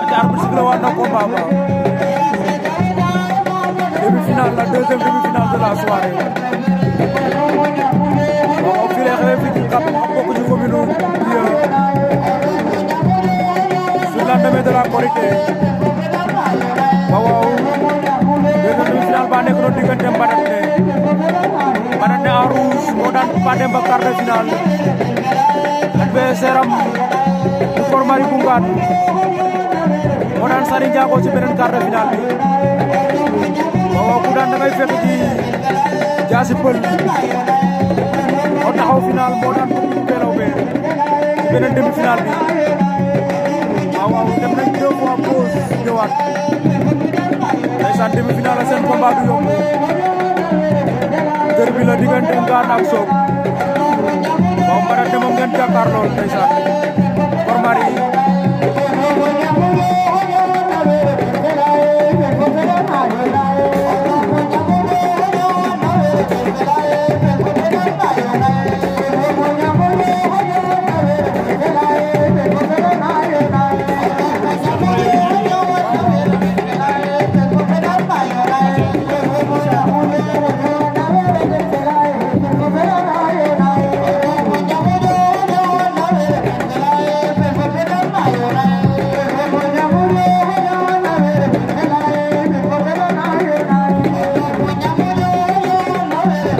aca arbitre bi la waat na combat ba demi-finale la deuxième demi-finale de la soirée waaw fii lay xewee fii ci Cap am bokk ci commune u Rieux su lendemain de la Korité waaw waaw deuxième demi-finale ba nekk noonu diggante Mbanate Mbanate en rouge moo daan Pathé Mba quart de finale adversaire am du Kor Marie Koungheul moo daan Sary Ndiago ci beneen quart de finale bi waaw ku daan da ngay fekk ci jaasi pël moo taxaw final moo daan ko Pelaw Bène ci beneen demi final bi waaw waaw dem nañ deux fois pause ñëwaat ndeysaan demi final la seen combat bi yomb kër bi la diggante Ngane ak Soog waaw mara demam ngeen jàkkaarloo ndeysaan formari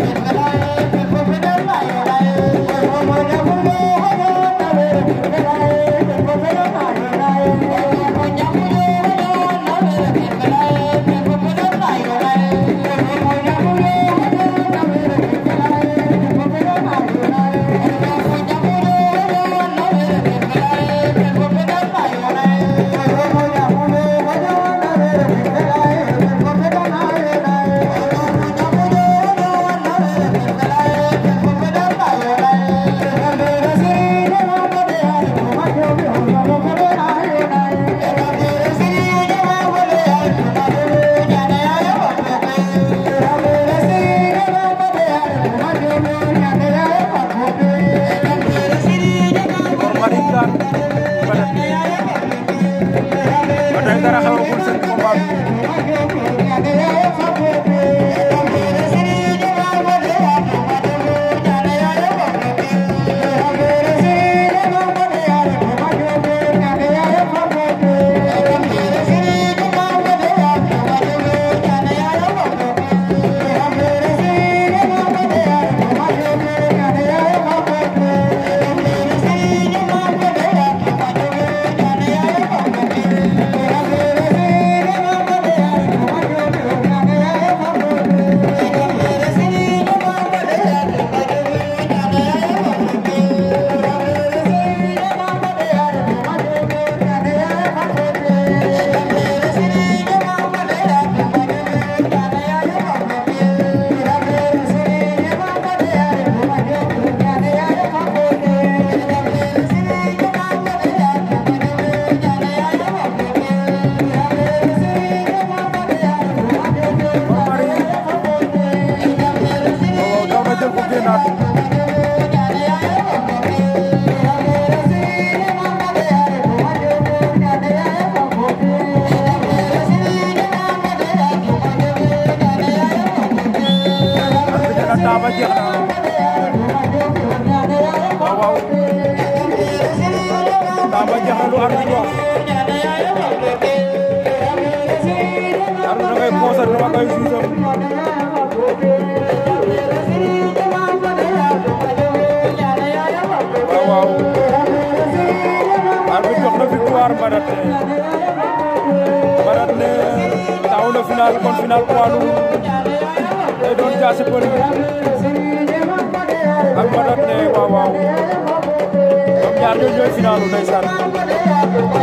Thank you. ba tey dara xewagul seen combat temps ba jeex na waaw waaw temps ba jeex na lu arbitre bi wax arbitre da ngay constaté ba koy juge waaw waaw arbitre jox na victoire Mbadatne Mbadatne taw na final kon final poids lourd don jasi por ak ma doon ne waaw waaw ñoom ñaar ñoo ñooy final ndeysaan